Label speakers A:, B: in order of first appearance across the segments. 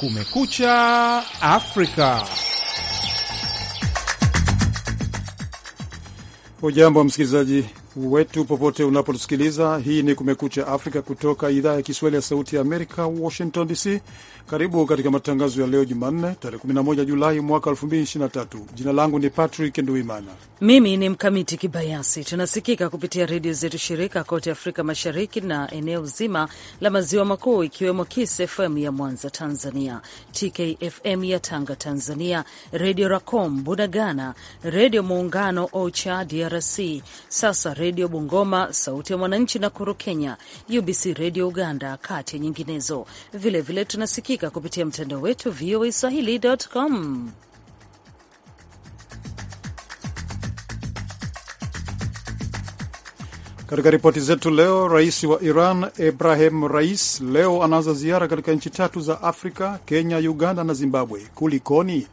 A: Kumekucha Afrika. Ujambo msikilizaji wetu popote unapotusikiliza. Hii ni Kumekucha Afrika kutoka idhaa ya Kiswahili ya Sauti ya Amerika, Washington DC. Karibu katika matangazo ya leo Jumanne, tarehe 11 Julai mwaka 2023. Jina langu ni Patrick Nduimana,
B: mimi ni Mkamiti Kibayasi. Tunasikika kupitia redio zetu shirika kote Afrika Mashariki na eneo zima la Maziwa Makuu, ikiwemo Kiss FM ya Mwanza Tanzania, TKFM ya Tanga Tanzania, Redio Racom Bunagana, Redio Muungano Ocha DRC, sasa Redio Bungoma, Sauti ya Mwananchi na Kuru Kenya, UBC Redio Uganda, kati ya nyinginezo. Vilevile vile tunasikika kupitia mtandao wetu VOA Swahili.com.
A: Katika ripoti zetu leo, rais wa Iran Ibrahim Rais leo anaanza ziara katika nchi tatu za Afrika, Kenya, Uganda na Zimbabwe. Kulikoni?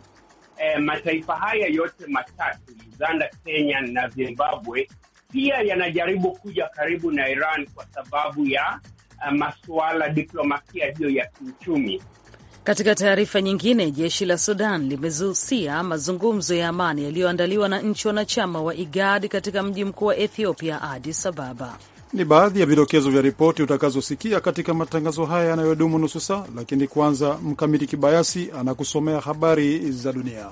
C: E, mataifa haya yote matatu Uganda, Kenya na Zimbabwe pia yanajaribu kuja karibu na Iran kwa sababu ya eh, masuala diplomasia hiyo ya
B: kiuchumi. Katika taarifa nyingine, jeshi la Sudan limezusia mazungumzo ya amani yaliyoandaliwa na nchi wanachama wa IGAD katika mji mkuu wa Ethiopia, Addis Ababa.
A: Ni baadhi ya vidokezo vya ripoti utakazosikia katika matangazo haya yanayodumu nusu saa, lakini kwanza, Mkamiti Kibayasi anakusomea habari za dunia.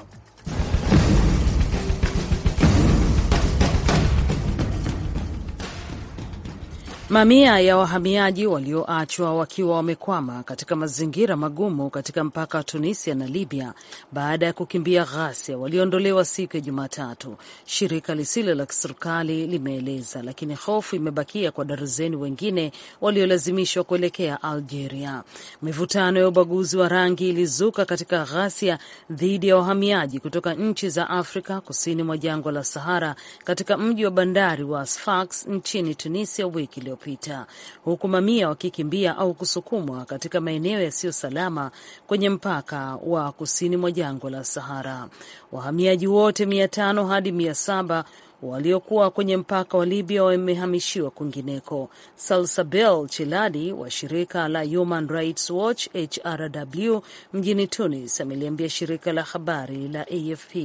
B: Mamia ya wahamiaji walioachwa wakiwa wamekwama katika mazingira magumu katika mpaka wa Tunisia na Libya baada ya kukimbia ghasia waliondolewa siku ya Jumatatu, shirika lisilo la kiserikali limeeleza, lakini hofu imebakia kwa darzeni wengine waliolazimishwa kuelekea Algeria. Mivutano ya ubaguzi wa rangi ilizuka katika ghasia dhidi ya wahamiaji kutoka nchi za Afrika kusini mwa jangwa la Sahara katika mji wa bandari wa Sfax nchini Tunisia wiki iliyopita, huku mamia wakikimbia au kusukumwa katika maeneo yasiyo salama kwenye mpaka wa kusini mwa jangwa la Sahara. Wahamiaji wote mia tano hadi mia saba waliokuwa kwenye mpaka wa Libya wamehamishiwa kwingineko. Salsabil Chiladi wa shirika la Human Rights Watch HRW mjini Tunis ameliambia shirika la habari la AFP.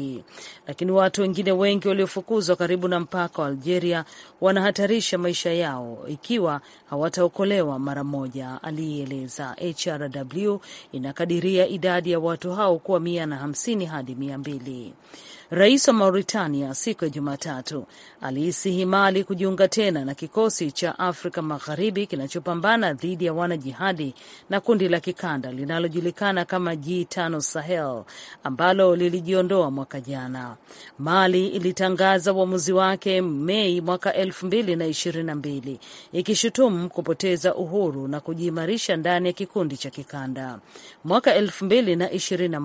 B: Lakini watu wengine wengi waliofukuzwa karibu na mpaka wa Algeria wanahatarisha maisha yao ikiwa hawataokolewa mara moja, alieleza. HRW inakadiria idadi ya watu hao kuwa mia na hamsini hadi mia mbili. Rais wa Mauritania siku ya Jumatatu aliisihi Mali kujiunga tena na kikosi cha Afrika Magharibi kinachopambana dhidi ya wanajihadi na kundi la kikanda linalojulikana kama G5 Sahel ambalo lilijiondoa mwaka jana. Mali ilitangaza uamuzi wake Mei mwaka elfu mbili na ishirini na mbili ikishutumu kupoteza uhuru na kujiimarisha ndani ya kikundi cha kikanda. Mwaka elfu mbili na ishirini na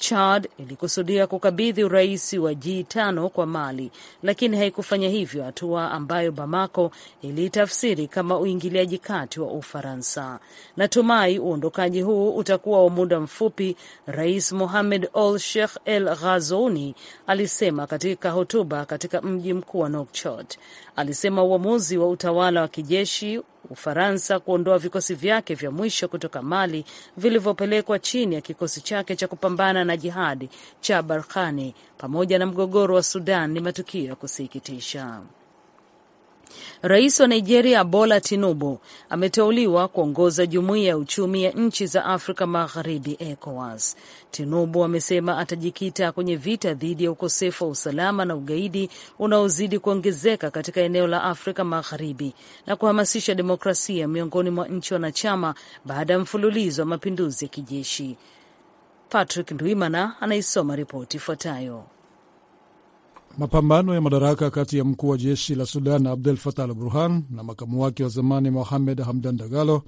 B: Chad ilikusudia kukabidhi urais wa G5 kwa Mali, lakini haikufanya hivyo, hatua ambayo Bamako iliitafsiri kama uingiliaji kati wa Ufaransa. Natumai uondokaji huu utakuwa wa muda mfupi, Rais Mohamed Ould Sheikh El Ghazouani alisema katika hotuba katika mji mkuu wa Nouakchott. Alisema uamuzi wa utawala wa kijeshi Ufaransa kuondoa vikosi vyake vya mwisho kutoka Mali vilivyopelekwa chini ya kikosi chake cha kupambana na jihadi cha Barkhane pamoja na mgogoro wa Sudan ni matukio ya kusikitisha. Rais wa Nigeria Bola Tinubu ameteuliwa kuongoza jumuiya ya uchumi ya nchi za Afrika Magharibi, ECOWAS. Tinubu amesema atajikita kwenye vita dhidi ya ukosefu wa usalama na ugaidi unaozidi kuongezeka katika eneo la Afrika Magharibi na kuhamasisha demokrasia miongoni mwa nchi wanachama baada ya mfululizo wa mapinduzi ya kijeshi. Patrick Ndwimana anaisoma ripoti ifuatayo.
A: Mapambano ya madaraka kati ya mkuu wa jeshi la Sudan Abdel Fatah al Burhan na makamu wake wa zamani Mohamed Hamdan Dagalo,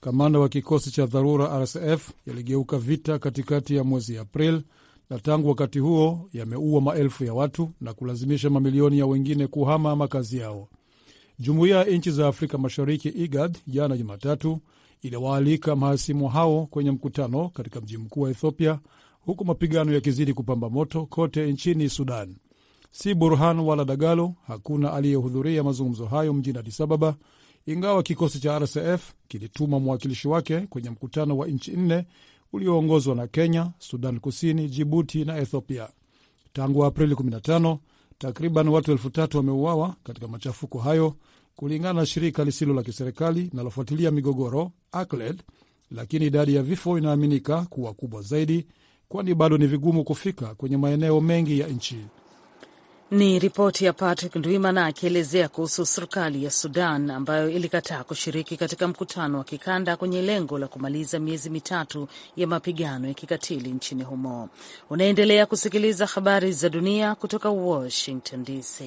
A: kamanda wa kikosi cha dharura RSF, yaligeuka vita katikati ya mwezi April, na tangu wakati huo yameua maelfu ya watu na kulazimisha mamilioni ya wengine kuhama makazi yao. Jumuiya ya nchi za Afrika Mashariki, IGAD, jana Jumatatu iliwaalika mahasimu hao kwenye mkutano katika mji mkuu wa Ethiopia, huku mapigano yakizidi kupamba moto kote nchini Sudan si Burhan wala Dagalo. Hakuna aliyehudhuria mazungumzo hayo mjini Addis Ababa, ingawa kikosi cha RSF kilituma mwakilishi wake kwenye mkutano wa nchi nne ulioongozwa na Kenya, Sudan Kusini, Jibuti na Ethiopia. Tangu Aprili 15 takriban watu elfu tatu wameuawa katika machafuko hayo, kulingana na shirika lisilo la kiserikali linalofuatilia migogoro ACLED, lakini idadi ya vifo inaaminika kuwa kubwa zaidi, kwani bado ni vigumu kufika kwenye maeneo mengi ya nchi.
B: Ni ripoti ya Patrick Ndwimana akielezea kuhusu serikali ya Sudan ambayo ilikataa kushiriki katika mkutano wa kikanda kwenye lengo la kumaliza miezi mitatu ya mapigano ya kikatili nchini humo. Unaendelea kusikiliza habari za dunia kutoka Washington DC.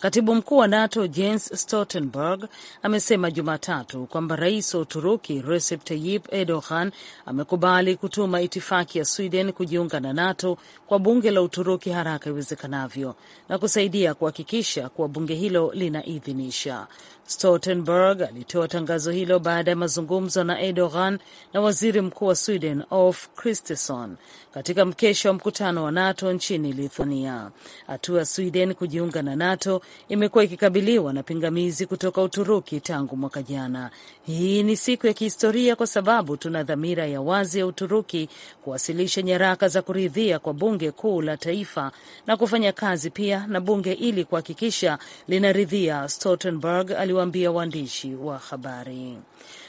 B: Katibu mkuu wa NATO Jens Stoltenberg amesema Jumatatu kwamba rais wa Uturuki Recep Tayyip Erdogan amekubali kutuma itifaki ya Sweden kujiunga na NATO kwa bunge la Uturuki haraka iwezekanavyo na kusaidia kuhakikisha kuwa bunge hilo linaidhinisha. Stoltenberg alitoa tangazo hilo baada ya mazungumzo na Erdogan na waziri mkuu wa Sweden Ulf Kristersson katika mkesha wa mkutano wa NATO nchini Lithuania. Hatua ya Sweden kujiunga na NATO imekuwa ikikabiliwa na pingamizi kutoka Uturuki tangu mwaka jana. Hii ni siku ya kihistoria kwa sababu tuna dhamira ya wazi ya Uturuki kuwasilisha nyaraka za kuridhia kwa bunge kuu la taifa na kufanya kazi pia na bunge ili kuhakikisha linaridhia, Stoltenberg aliwaambia waandishi wa habari.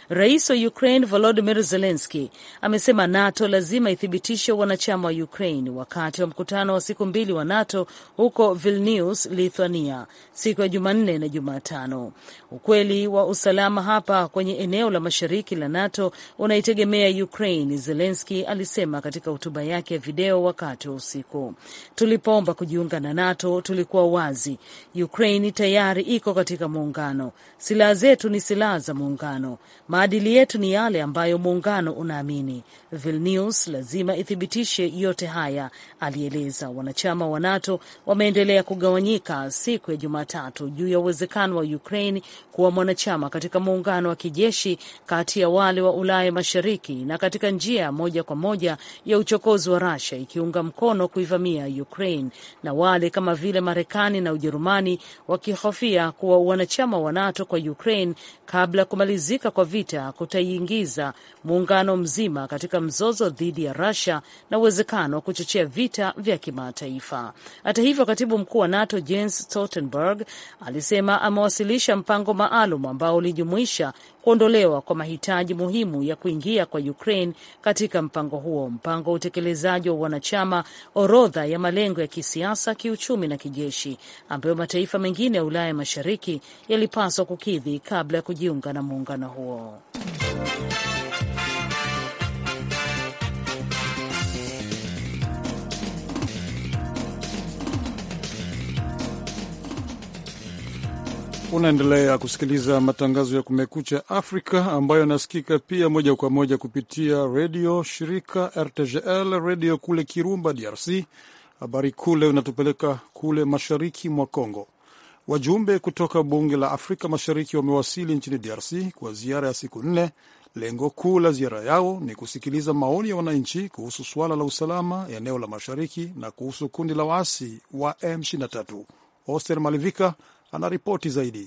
B: Rais wa Ukraine volodimir zelenski amesema NATO lazima ithibitishe wanachama wa Ukraine wakati wa mkutano wa siku mbili wa NATO huko Vilnius, Lithuania, siku ya Jumanne na Jumatano. Ukweli wa usalama hapa kwenye eneo la mashariki la NATO unaitegemea Ukraine, zelenski alisema katika hotuba yake ya video wakati wa usiku. Tulipoomba kujiunga na NATO tulikuwa wazi. Ukraini tayari iko katika muungano. Silaha zetu ni silaha za muungano, maadili yetu ni yale ambayo muungano unaamini. Vilnius lazima ithibitishe yote haya, alieleza. Wanachama wa NATO wameendelea kugawanyika siku ya Jumatatu juu ya uwezekano wa Ukraini kuwa mwanachama katika muungano wa kijeshi kati ya wale wa Ulaya Mashariki na katika njia ya moja kwa moja ya uchokozi wa rasia ikiunga mkono kuivamia Ukraine na wale kama vile vile Marekani na Ujerumani wakihofia kuwa wanachama wa NATO kwa Ukraine kabla ya kumalizika kwa vita kutaiingiza muungano mzima katika mzozo dhidi ya Russia na uwezekano wa kuchochea vita vya kimataifa. Hata hivyo, katibu mkuu wa NATO Jens Stoltenberg alisema amewasilisha mpango maalum ambao ulijumuisha kuondolewa kwa mahitaji muhimu ya kuingia kwa Ukraine katika mpango huo, mpango wa utekelezaji wa wanachama, orodha ya malengo ya kisiasa, kiuchumi na kijeshi ambayo mataifa mengine ya Ulaya Mashariki yalipaswa kukidhi kabla ya kujiunga na muungano huo.
A: Unaendelea kusikiliza matangazo ya Kumekucha Afrika ambayo yanasikika pia moja kwa moja kupitia redio shirika RTGL redio kule Kirumba, DRC. Habari kule unatupeleka kule mashariki mwa congo Wajumbe kutoka bunge la Afrika Mashariki wamewasili nchini DRC kwa ziara ya siku nne. Lengo kuu la ziara yao ni kusikiliza maoni ya wananchi kuhusu suala la usalama eneo la mashariki na kuhusu kundi la waasi wa M23. Oster Malivika anaripoti zaidi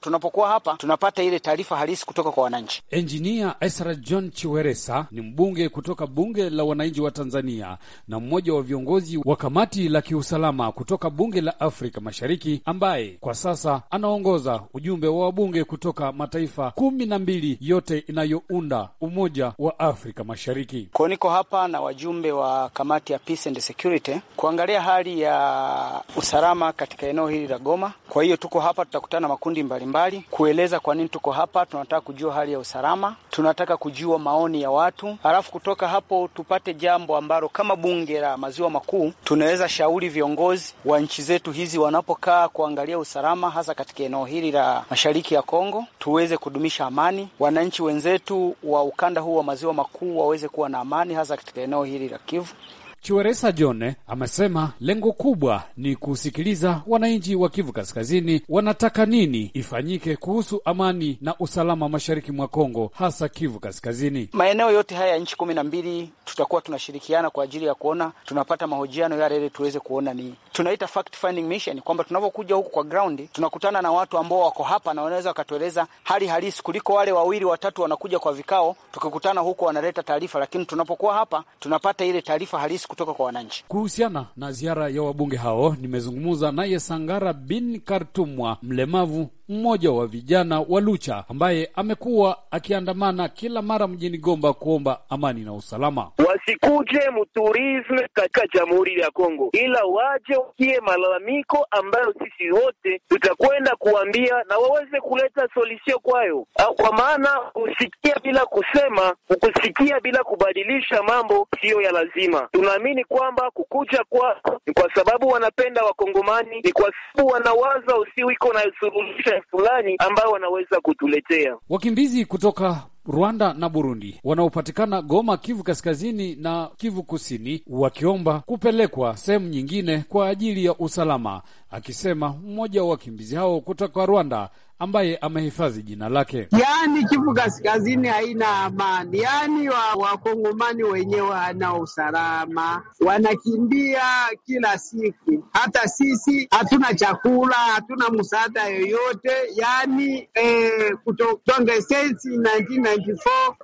D: tunapokuwa hapa tunapata ile taarifa halisi kutoka kwa wananchi.
A: Enjinia
E: Esra John Chiweresa ni mbunge kutoka bunge la wananchi wa Tanzania na mmoja wa viongozi wa kamati la kiusalama kutoka bunge la Afrika Mashariki, ambaye kwa sasa anaongoza ujumbe wa wabunge kutoka mataifa kumi na mbili yote inayounda Umoja wa Afrika Mashariki.
D: Kwao niko hapa na wajumbe wa kamati ya Peace and Security kuangalia hali ya usalama katika eneo hili la Goma. Kwa hiyo tuko hapa, tutakutana makundi mbalimbali mbalimbali kueleza kwa nini tuko hapa. Tunataka kujua hali ya usalama, tunataka kujua maoni ya watu, halafu kutoka hapo tupate jambo ambalo kama bunge la maziwa makuu tunaweza shauri viongozi wa nchi zetu hizi wanapokaa kuangalia usalama, hasa katika eneo hili la mashariki ya Kongo, tuweze kudumisha amani. Wananchi wenzetu wa ukanda huu wa maziwa makuu waweze kuwa na amani, hasa katika eneo hili la Kivu. Chiweresa John
E: eh, amesema lengo kubwa ni kusikiliza wananchi wa Kivu Kaskazini wanataka nini ifanyike kuhusu amani na usalama mashariki mwa Kongo, hasa Kivu Kaskazini.
D: Maeneo yote haya ya nchi kumi na mbili tutakuwa tunashirikiana kwa ajili ya kuona tunapata mahojiano yale ile tuweze kuona ni tunaita fact finding mission, kwamba tunavyokuja huku kwa ground tunakutana na watu ambao wako hapa na wanaweza wakatueleza hali halisi kuliko wale wawili watatu wanakuja kwa vikao, tukikutana huku wanaleta taarifa, lakini tunapokuwa hapa tunapata ile taarifa halisi kutoka kwa wananchi.
E: Kuhusiana na ziara ya wabunge hao, nimezungumza naye Sangara bin Kartumwa, mlemavu mmoja wa vijana wa Lucha ambaye amekuwa akiandamana kila mara mjini Gomba kuomba amani na usalama.
C: Wasikuje muturisme katika Jamhuri ya Kongo, ila waje wakie malalamiko ambayo sisi wote tutakwenda kuambia na waweze kuleta solusio kwayo, ah, kwa maana kusikia bila kusema, kusikia bila kubadilisha mambo siyo ya lazima. Tuna wanaamini kwamba kukuja kwako ni kwa sababu wanapenda Wakongomani, ni kwa sababu wanawaza usiwiko na suluhisho fulani ambayo wanaweza kutuletea
E: wakimbizi kutoka Rwanda na Burundi wanaopatikana Goma, Kivu Kaskazini na Kivu Kusini, wakiomba kupelekwa sehemu nyingine kwa ajili ya usalama, akisema mmoja wa wakimbizi hao kutoka Rwanda ambaye amehifadhi jina lake. Yaani Kivu Kaskazini haina
C: amani, yaani wakongomani wa wenyewe hana usalama, wanakimbia kila siku. Hata sisi hatuna chakula, hatuna msaada yoyote, yaani eh, kutonga sensi na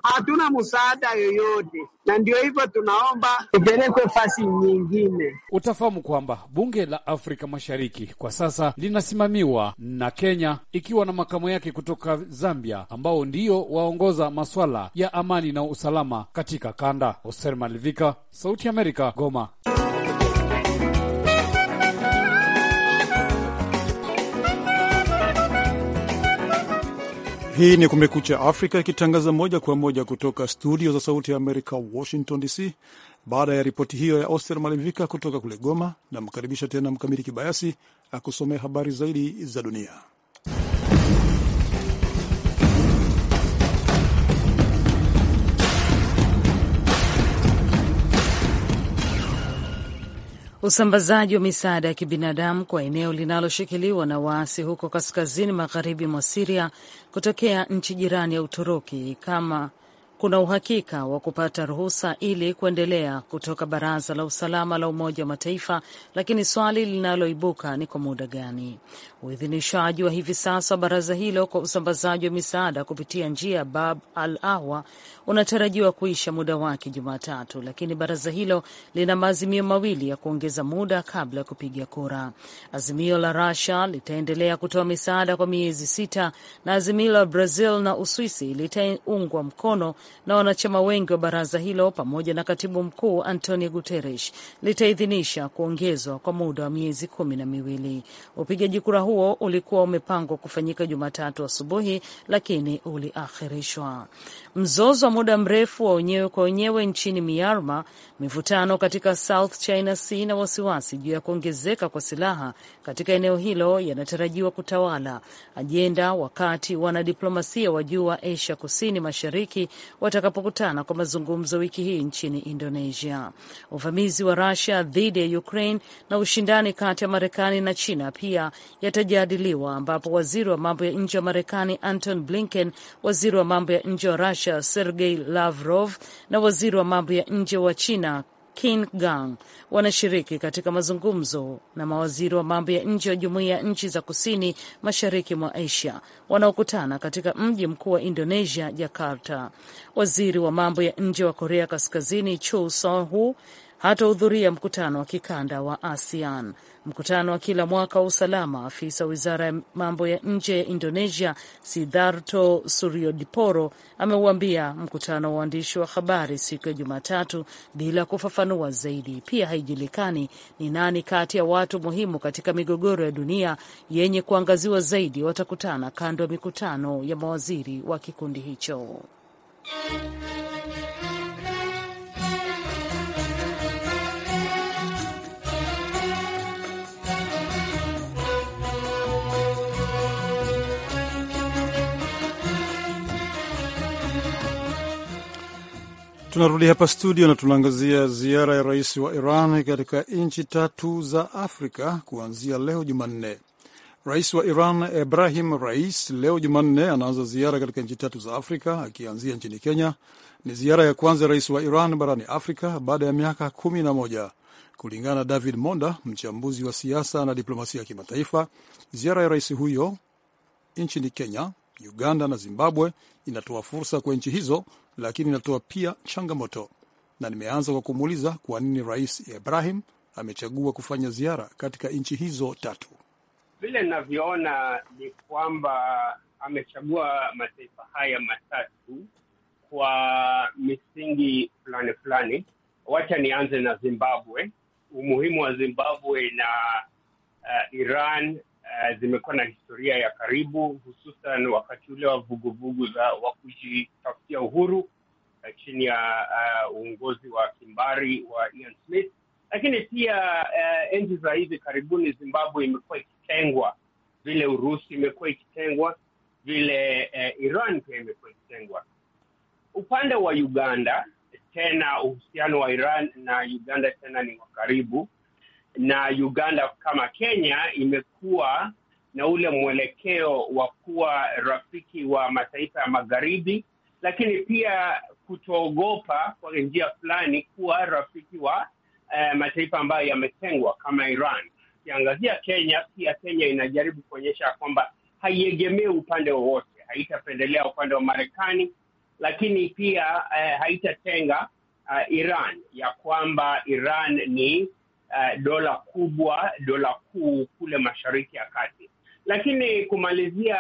E: hatuna msaada yoyote, na ndio hivyo tunaomba ipelekwe fasi nyingine. Utafahamu kwamba bunge la Afrika Mashariki kwa sasa linasimamiwa na Kenya ikiwa na makamo yake kutoka Zambia, ambao ndio waongoza maswala ya amani na usalama katika kanda. Oser Malivika, Sauti ya Amerika, Goma.
A: Hii ni Kumekucha Afrika ikitangaza moja kwa moja kutoka studio za Sauti ya Amerika, Washington DC. Baada ya ripoti hiyo ya Oster Malivika kutoka kule Goma, namkaribisha tena mkamiti Kibayasi akusomea habari zaidi za dunia.
B: Usambazaji wa misaada ya kibinadamu kwa eneo linaloshikiliwa na waasi huko kaskazini magharibi mwa Siria kutokea nchi jirani ya Uturuki kama kuna uhakika wa kupata ruhusa ili kuendelea kutoka Baraza la Usalama la Umoja wa Mataifa, lakini swali linaloibuka ni kwa muda gani uidhinishaji wa hivi sasa wa baraza hilo kwa usambazaji wa misaada kupitia njia ya Bab al Ahwa unatarajiwa kuisha muda wake Jumatatu, lakini baraza hilo lina maazimio mawili ya kuongeza muda kabla ya kupiga kura. Azimio la rasia litaendelea kutoa misaada kwa miezi sita na azimio la Brazil na Uswisi litaungwa mkono na wanachama wengi wa baraza hilo pamoja na katibu mkuu Antonio Guterres litaidhinisha kuongezwa kwa muda wa miezi kumi na miwili. Upigaji kura huo ulikuwa umepangwa kufanyika Jumatatu asubuhi, lakini uliakhirishwa. Mzozo muda mrefu wa wenyewe kwa wenyewe nchini Myanmar, mivutano katika South China Sea na wasiwasi juu ya kuongezeka kwa silaha katika eneo hilo yanatarajiwa kutawala ajenda wakati wanadiplomasia wa juu wa Asia Kusini Mashariki watakapokutana kwa mazungumzo wiki hii nchini Indonesia. Uvamizi wa rasia dhidi ya Ukraine na ushindani kati ya Marekani na China pia yatajadiliwa, ambapo waziri wa mambo ya nje wa Marekani Anton Blinken, waziri wa mambo ya nje wa rusia Sergei Sergei Lavrov na waziri wa mambo ya nje wa China Qin Gang wanashiriki katika mazungumzo na mawaziri wa mambo ya nje wa jumuiya ya nchi za kusini mashariki mwa Asia wanaokutana katika mji mkuu wa Indonesia, Jakarta. Waziri wa mambo ya nje wa Korea Kaskazini chu sohu hatahudhuria mkutano wa kikanda wa ASEAN mkutano wa kila mwaka wa usalama. Afisa wizara ya mambo ya nje ya Indonesia Sidharto Suryodiporo ameuambia mkutano wa waandishi wa habari siku ya Jumatatu bila kufafanua zaidi. Pia haijulikani ni nani kati ya watu muhimu katika migogoro ya dunia yenye kuangaziwa zaidi watakutana kando ya mikutano ya mawaziri wa kikundi hicho.
A: Tunarudi hapa studio na tunaangazia ziara ya rais wa Iran katika nchi tatu za Afrika kuanzia leo Jumanne. Rais wa Iran Ibrahim Rais leo Jumanne anaanza ziara katika nchi tatu za Afrika akianzia nchini Kenya. Ni ziara ya kwanza ya rais wa Iran barani Afrika baada ya miaka kumi na moja. Kulingana na David Monda, mchambuzi wa siasa na diplomasia ya kimataifa, ziara ya rais huyo nchini Kenya Uganda na Zimbabwe inatoa fursa kwa nchi hizo, lakini inatoa pia changamoto, na nimeanza kwa kumuuliza kwa nini Rais Ibrahim amechagua kufanya ziara katika nchi hizo tatu.
C: Vile ninavyoona ni kwamba amechagua mataifa haya matatu kwa misingi fulani fulani. Wacha nianze na Zimbabwe, umuhimu wa Zimbabwe na uh, Iran Eh, zimekuwa na historia ya karibu, hususan wakati ule wa vuguvugu za wa kujitafutia uhuru uh, chini ya eh, uongozi wa kimbari wa Ian Smith, lakini pia uh, enzi za hivi karibuni Zimbabwe imekuwa ikitengwa vile Urusi imekuwa ikitengwa vile uh, Iran pia imekuwa ikitengwa. Upande wa Uganda tena uhusiano wa Iran na Uganda tena ni wa karibu na Uganda kama Kenya imekuwa na ule mwelekeo wa kuwa rafiki wa mataifa ya magharibi, lakini pia kutoogopa kwa njia fulani kuwa rafiki wa eh, mataifa ambayo yametengwa kama Iran. Ukiangazia Kenya, pia Kenya inajaribu kuonyesha kwamba haiegemei upande wowote, haitapendelea upande wa Marekani, lakini pia eh, haitatenga uh, Iran, ya kwamba Iran ni uh, dola kubwa, dola kuu kule Mashariki ya Kati. Lakini kumalizia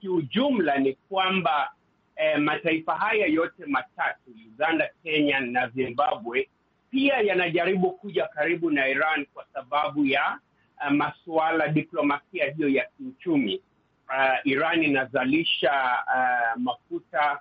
C: kiujumla ni kwamba eh, mataifa haya yote matatu Uganda, Kenya na Zimbabwe pia yanajaribu kuja karibu na Iran kwa sababu ya uh, masuala diplomasia hiyo ya kiuchumi. Uh, Iran inazalisha uh, mafuta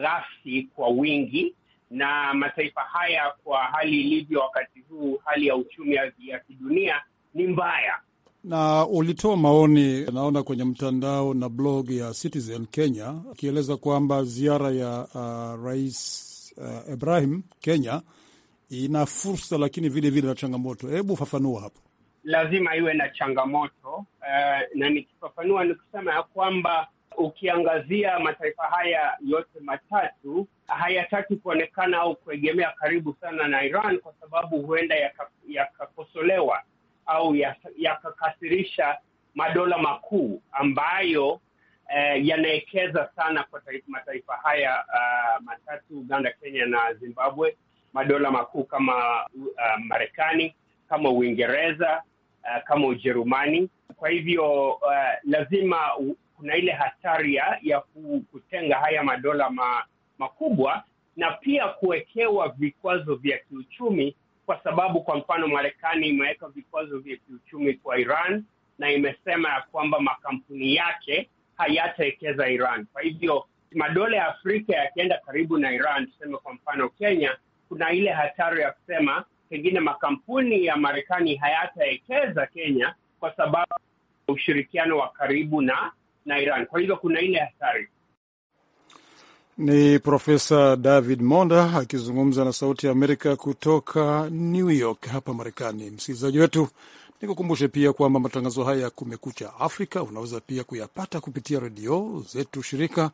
C: ghafi kwa wingi na mataifa haya kwa hali ilivyo wakati huu, hali ya uchumi ya kidunia ni mbaya.
A: Na ulitoa maoni, naona kwenye mtandao na blog ya Citizen Kenya, akieleza kwamba ziara ya uh, Rais uh, Ibrahim Kenya ina fursa, lakini vile vile na changamoto. Hebu fafanua hapo.
C: Lazima iwe na changamoto uh, na nikifafanua ni kusema ya kwamba Ukiangazia mataifa haya yote matatu hayataki kuonekana au kuegemea karibu sana na Iran kwa sababu huenda yakakosolewa yaka au yakakasirisha yaka madola makuu ambayo eh, yanaekeza sana kwa mataifa haya uh, matatu Uganda, Kenya na Zimbabwe, madola makuu kama uh, Marekani, kama Uingereza, uh, kama Ujerumani. Kwa hivyo uh, lazima kuna ile hatari ya kutenga haya madola ma, makubwa na pia kuwekewa vikwazo vya kiuchumi, kwa sababu kwa mfano Marekani imeweka vikwazo vya kiuchumi kwa Iran na imesema ya kwamba makampuni yake hayatawekeza Iran. Kwa hivyo madola ya Afrika yakienda karibu na Iran, tuseme kwa mfano Kenya, kuna ile hatari ya kusema pengine makampuni ya Marekani hayatawekeza Kenya kwa sababu ushirikiano wa karibu na na Iran. Kwa hivyo kuna ile hatari.
A: Ni Profesa David Monda akizungumza na Sauti ya Amerika kutoka New York hapa Marekani. Msikilizaji wetu, nikukumbushe pia kwamba matangazo haya ya Kumekucha Afrika unaweza pia kuyapata kupitia redio zetu shirika,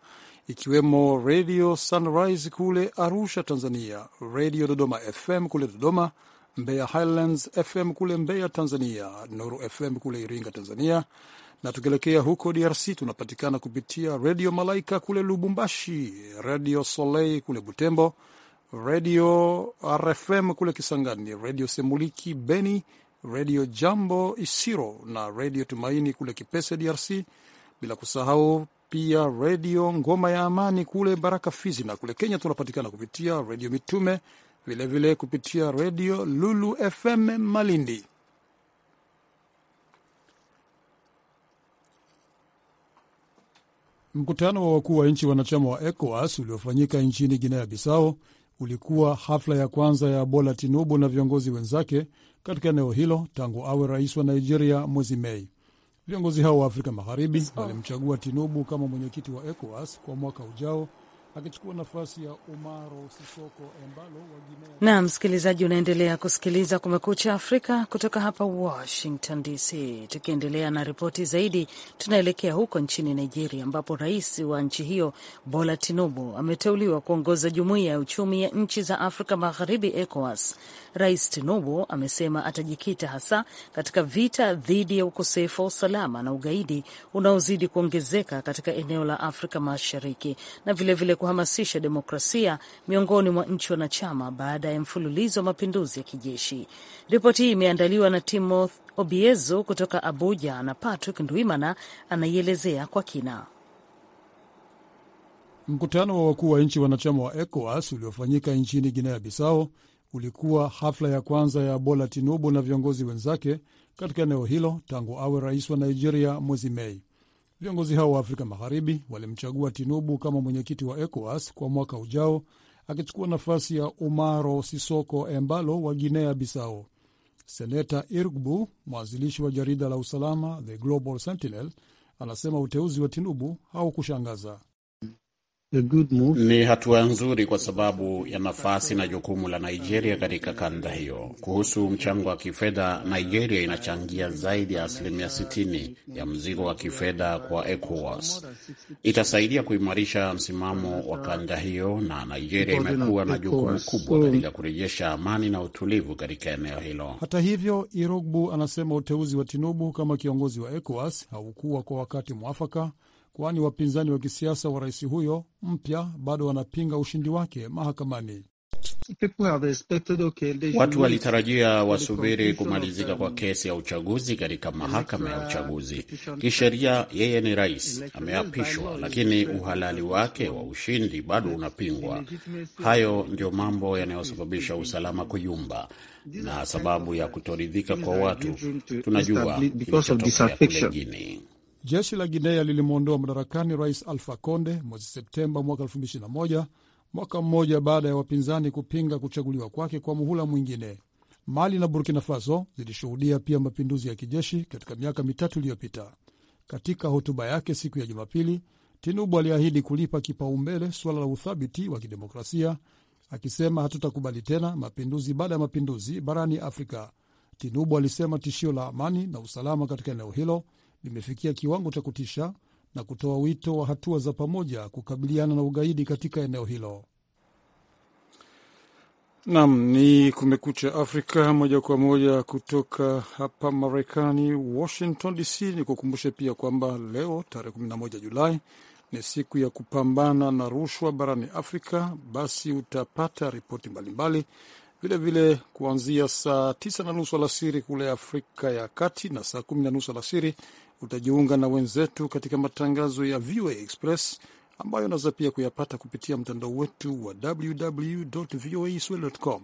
A: ikiwemo Redio Sunrise kule Arusha, Tanzania, Redio Dodoma FM kule Dodoma, Mbeya Highlands FM kule Mbeya, Tanzania, Nuru FM kule Iringa, Tanzania, na tukielekea huko DRC tunapatikana kupitia Redio Malaika kule Lubumbashi, Redio Soleil kule Butembo, Redio RFM kule Kisangani, Redio Semuliki Beni, Redio Jambo Isiro na Redio Tumaini kule Kipese, DRC, bila kusahau pia Redio Ngoma ya Amani kule Baraka, Fizi. Na kule Kenya tunapatikana kupitia Redio Mitume, vilevile vile kupitia Redio Lulu FM Malindi. Mkutano wa wakuu wa nchi wanachama wa ECOWAS uliofanyika nchini Guinea Bissau ulikuwa hafla ya kwanza ya Bola Tinubu na viongozi wenzake katika eneo hilo tangu awe rais wa Nigeria mwezi Mei. Viongozi hao wa Afrika Magharibi walimchagua Tinubu kama mwenyekiti wa ECOWAS kwa mwaka ujao
B: akichukua nafasi ya Umaro Sisoko Embalo wa Guinea. msikilizaji, unaendelea kusikiliza Kumekucha Afrika kutoka hapa Washington DC. Tukiendelea na ripoti zaidi, tunaelekea huko nchini Nigeria ambapo rais wa nchi hiyo Bola Tinubu ameteuliwa kuongoza jumuiya ya uchumi ya nchi za Afrika Magharibi, ECOWAS. Rais Tinubu amesema atajikita hasa katika vita dhidi ya ukosefu wa usalama na ugaidi unaozidi kuongezeka katika eneo la Afrika Mashariki na vilevile vile kuhamasisha demokrasia miongoni mwa nchi wanachama baada ya mfululizo wa mapinduzi ya kijeshi. Ripoti hii imeandaliwa na timoth obiezo kutoka Abuja na Patrick Ndwimana anaielezea kwa kina.
A: Mkutano wa wakuu wa nchi wanachama wa ECOWAS uliofanyika nchini Guinea Bissau ulikuwa hafla ya kwanza ya Bola Tinubu na viongozi wenzake katika eneo hilo tangu awe rais wa Nigeria mwezi Mei. Viongozi hao wa Afrika Magharibi walimchagua Tinubu kama mwenyekiti wa ECOWAS kwa mwaka ujao, akichukua nafasi ya Umaro Sisoko Embalo wa Guinea Bissau. Seneta Irgbu, mwanzilishi wa jarida la usalama The Global Sentinel, anasema uteuzi wa Tinubu haukushangaza.
E: Ni hatua nzuri kwa sababu ya nafasi na jukumu la Nigeria katika kanda hiyo. Kuhusu mchango wa kifedha, Nigeria inachangia zaidi ya asilimia 60 ya mzigo wa kifedha kwa ECOWAS. Itasaidia kuimarisha msimamo wa kanda hiyo, na Nigeria imekuwa na jukumu kubwa katika kurejesha amani na utulivu katika eneo hilo.
A: Hata hivyo, Irogbu anasema uteuzi wa Tinubu kama kiongozi wa ECOWAS haukuwa kwa wakati mwafaka kwani wapinzani wa kisiasa wa rais huyo mpya bado wanapinga ushindi wake mahakamani. Watu walitarajia
E: wasubiri kumalizika kwa kesi ya uchaguzi katika mahakama ya uchaguzi. Kisheria yeye ni rais, ameapishwa, lakini uhalali wake wa ushindi bado unapingwa. Hayo ndio mambo yanayosababisha usalama kuyumba na sababu ya kutoridhika kwa watu. Tunajua kilichotokea kule Guinea.
A: Jeshi la Guinea lilimwondoa madarakani Rais Alfa Conde mwezi Septemba mwaka 2021 mwaka mmoja baada ya wapinzani kupinga kuchaguliwa kwake kwa muhula mwingine. Mali na Burkina Faso zilishuhudia pia mapinduzi ya kijeshi katika miaka mitatu iliyopita. Katika hotuba yake siku ya Jumapili, Tinubu aliahidi kulipa kipaumbele suala la uthabiti wa kidemokrasia, akisema hatutakubali tena mapinduzi baada ya mapinduzi barani Afrika. Tinubu alisema tishio la amani na usalama katika eneo hilo limefikia kiwango cha kutisha na kutoa wito wa hatua za pamoja kukabiliana na ugaidi katika eneo hilo. Nam ni Kumekucha Afrika moja kwa moja kutoka hapa Marekani, Washington DC. Ni kukumbushe pia kwamba leo tarehe 11 Julai ni siku ya kupambana na rushwa barani Afrika. Basi utapata ripoti mbalimbali vilevile kuanzia saa tisa na nusu alasiri kule Afrika ya Kati na saa kumi na nusu alasiri utajiunga na wenzetu katika matangazo ya VOA Express ambayo unaweza pia kuyapata kupitia mtandao wetu wa www.voaswahili.com.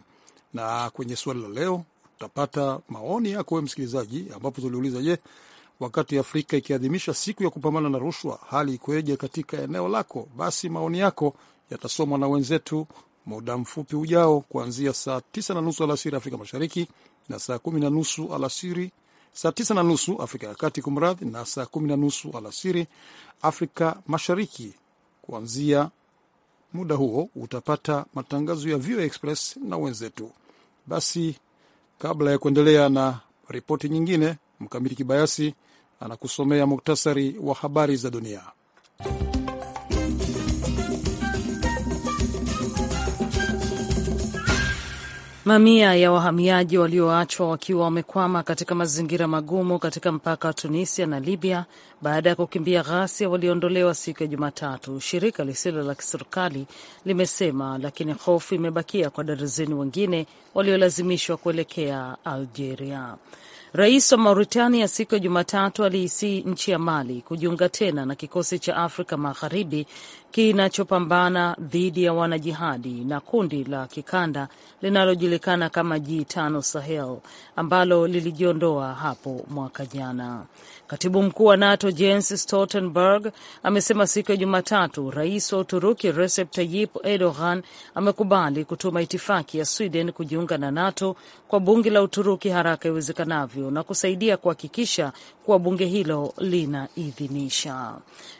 A: Na kwenye swali la leo utapata maoni yako wewe msikilizaji, ambapo tuliuliza je, wakati Afrika ikiadhimisha siku ya kupambana na rushwa hali ikoje katika eneo lako? Basi maoni yako yatasomwa na wenzetu muda mfupi ujao kuanzia saa tisa na nusu alasiri Afrika Mashariki na saa kumi na nusu alasiri saa tisa na nusu Afrika ya Kati, kumradhi, na saa kumi na nusu alasiri Afrika Mashariki. Kuanzia muda huo utapata matangazo ya VOA Express na wenzetu. Basi kabla ya kuendelea na ripoti nyingine, Mkamiti Kibayasi anakusomea muktasari wa habari za dunia.
B: Mamia ya wahamiaji walioachwa wakiwa wamekwama katika mazingira magumu katika mpaka wa Tunisia na Libya baada ya kukimbia ghasia waliondolewa siku ya Jumatatu, shirika lisilo la kiserikali limesema, lakini hofu imebakia kwa darazeni wengine waliolazimishwa kuelekea Algeria. Rais wa Mauritania siku ya Jumatatu aliisii nchi ya Mali kujiunga tena na kikosi cha Afrika Magharibi kinachopambana dhidi ya wanajihadi na kundi la kikanda linalojulikana kama G5 Sahel ambalo lilijiondoa hapo mwaka jana. Katibu mkuu wa NATO Jens Stoltenberg amesema siku ya Jumatatu rais wa Uturuki Recep Tayyip Erdogan amekubali kutuma itifaki ya Sweden kujiunga na NATO kwa bunge la Uturuki haraka iwezekanavyo na kusaidia kuhakikisha kuwa bunge hilo linaidhinisha.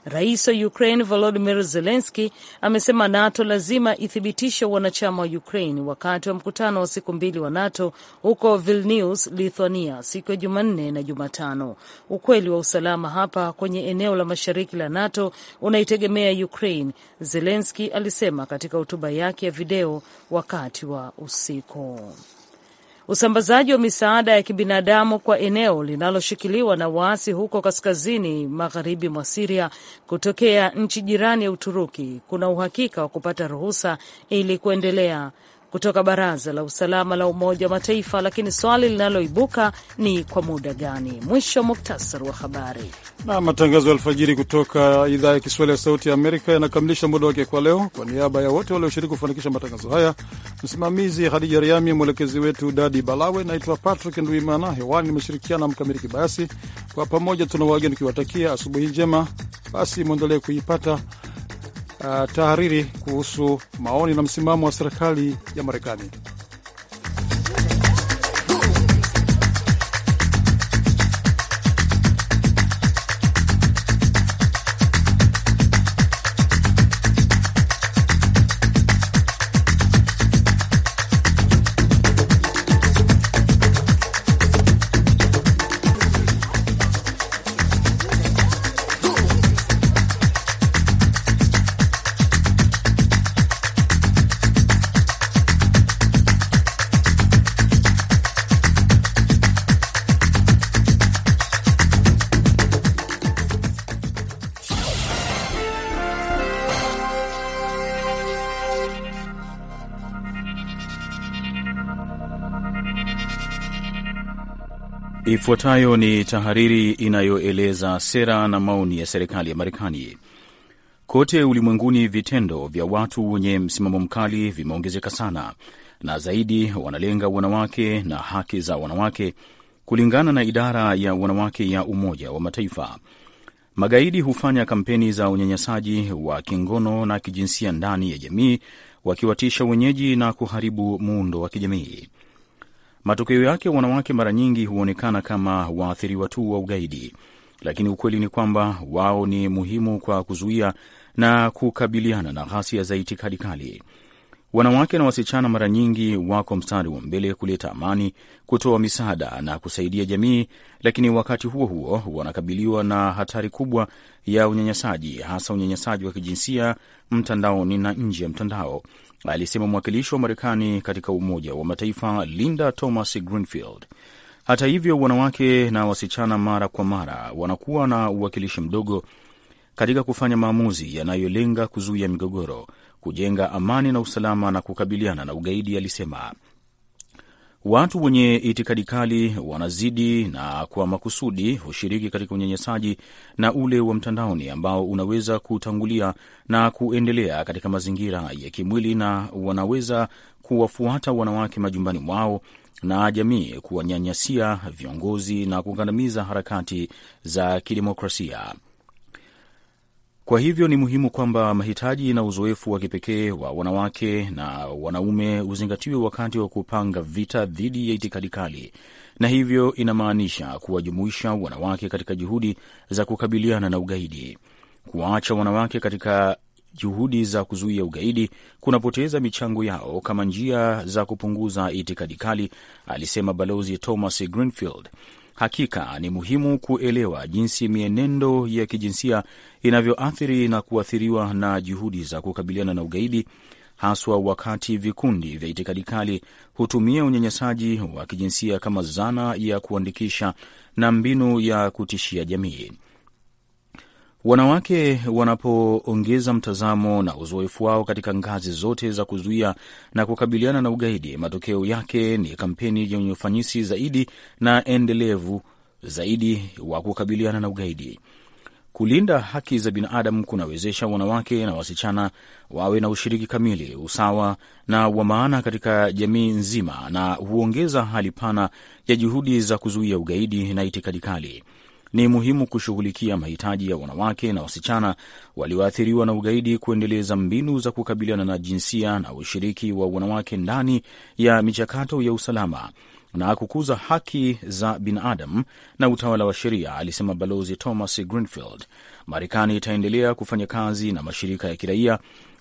B: Rais wa Ukraine Volodymyr Zelenski amesema NATO lazima ithibitishe wanachama wa Ukraine wakati wa mkutano wa siku mbili wa NATO huko Vilnius, Lithuania, siku ya Jumanne na Jumatano. Ukweli wa usalama hapa kwenye eneo la mashariki la NATO unaitegemea Ukraine, Zelenski alisema katika hotuba yake ya video wakati wa usiku. Usambazaji wa misaada ya kibinadamu kwa eneo linaloshikiliwa na waasi huko kaskazini magharibi mwa Siria kutokea nchi jirani ya Uturuki kuna uhakika wa kupata ruhusa ili kuendelea, kutoka Baraza la Usalama la Umoja wa Mataifa, lakini swali linaloibuka ni kwa muda gani? Mwisho wa muktasari wa habari.
A: Na matangazo ya alfajiri kutoka idhaa ya Kiswahili ya Sauti ya Amerika yanakamilisha muda wake kwa leo. Kwa niaba ya wote walioshiriki kufanikisha matangazo haya, msimamizi Hadija Riami, mwelekezi wetu Dadi Balawe, naitwa Patrick Nduimana. Hewani nimeshirikiana na Mkamiri Kibayasi. Kwa pamoja tuna wageni ukiwatakia asubuhi njema. Basi mwendelee kuipata Ah, tahariri kuhusu maoni na msimamo wa serikali ya Marekani.
F: Ifuatayo ni tahariri inayoeleza sera na maoni ya serikali ya Marekani. Kote ulimwenguni, vitendo vya watu wenye msimamo mkali vimeongezeka sana, na zaidi wanalenga wanawake na haki za wanawake. Kulingana na idara ya wanawake ya Umoja wa Mataifa, magaidi hufanya kampeni za unyanyasaji wa kingono na kijinsia ndani ya jamii, wakiwatisha wenyeji na kuharibu muundo wa kijamii. Matokeo yake wanawake mara nyingi huonekana kama waathiriwa tu wa ugaidi, lakini ukweli ni kwamba wao ni muhimu kwa kuzuia na kukabiliana na ghasia za itikadi kali. Wanawake na wasichana mara nyingi wako mstari wa mbele kuleta amani, kutoa misaada na kusaidia jamii, lakini wakati huo huo wanakabiliwa na hatari kubwa ya unyanyasaji, hasa unyanyasaji wa kijinsia mtandaoni na nje ya mtandao, alisema mwakilishi wa Marekani katika Umoja wa Mataifa Linda Thomas Greenfield. Hata hivyo, wanawake na wasichana mara kwa mara wanakuwa na uwakilishi mdogo katika kufanya maamuzi yanayolenga kuzuia migogoro, kujenga amani na usalama na kukabiliana na ugaidi, alisema. Watu wenye itikadi kali wanazidi na kwa makusudi hushiriki katika unyanyasaji na ule wa mtandaoni ambao unaweza kutangulia na kuendelea katika mazingira ya kimwili, na wanaweza kuwafuata wanawake majumbani mwao na jamii, kuwanyanyasia viongozi na kukandamiza harakati za kidemokrasia. Kwa hivyo ni muhimu kwamba mahitaji na uzoefu wa kipekee wa wanawake na wanaume uzingatiwe wakati wa kupanga vita dhidi ya itikadi kali, na hivyo inamaanisha kuwajumuisha wanawake katika juhudi za kukabiliana na ugaidi. Kuwaacha wanawake katika juhudi za kuzuia ugaidi kunapoteza michango yao kama njia za kupunguza itikadi kali, alisema Balozi Thomas Greenfield. Hakika ni muhimu kuelewa jinsi mienendo ya kijinsia inavyoathiri na kuathiriwa na juhudi za kukabiliana na ugaidi, haswa wakati vikundi vya itikadi kali hutumia unyanyasaji wa kijinsia kama zana ya kuandikisha na mbinu ya kutishia jamii. Wanawake wanapoongeza mtazamo na uzoefu wao katika ngazi zote za kuzuia na kukabiliana na ugaidi, matokeo yake ni kampeni yenye ufanisi zaidi na endelevu zaidi wa kukabiliana na ugaidi. Kulinda haki za binadamu kunawezesha wanawake na wasichana wawe na ushiriki kamili, usawa na wa maana katika jamii nzima, na huongeza hali pana ya juhudi za kuzuia ugaidi na itikadi kali ni muhimu kushughulikia mahitaji ya wanawake na wasichana walioathiriwa na ugaidi, kuendeleza mbinu za kukabiliana na jinsia na ushiriki wa wanawake ndani ya michakato ya usalama na kukuza haki za binadamu na utawala wa sheria, alisema Balozi Thomas Greenfield. Marekani itaendelea kufanya kazi na mashirika ya kiraia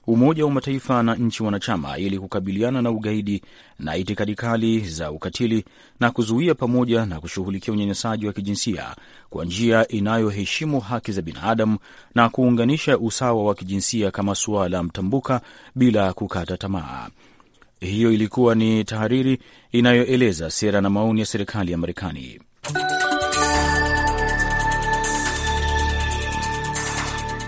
F: Umoja wa Mataifa na nchi wanachama ili kukabiliana na ugaidi na itikadi kali za ukatili na kuzuia pamoja na kushughulikia unyanyasaji wa kijinsia kwa njia inayoheshimu haki za binadamu na kuunganisha usawa wa kijinsia kama suala mtambuka bila kukata tamaa. Hiyo ilikuwa ni tahariri inayoeleza sera na maoni ya serikali ya Marekani.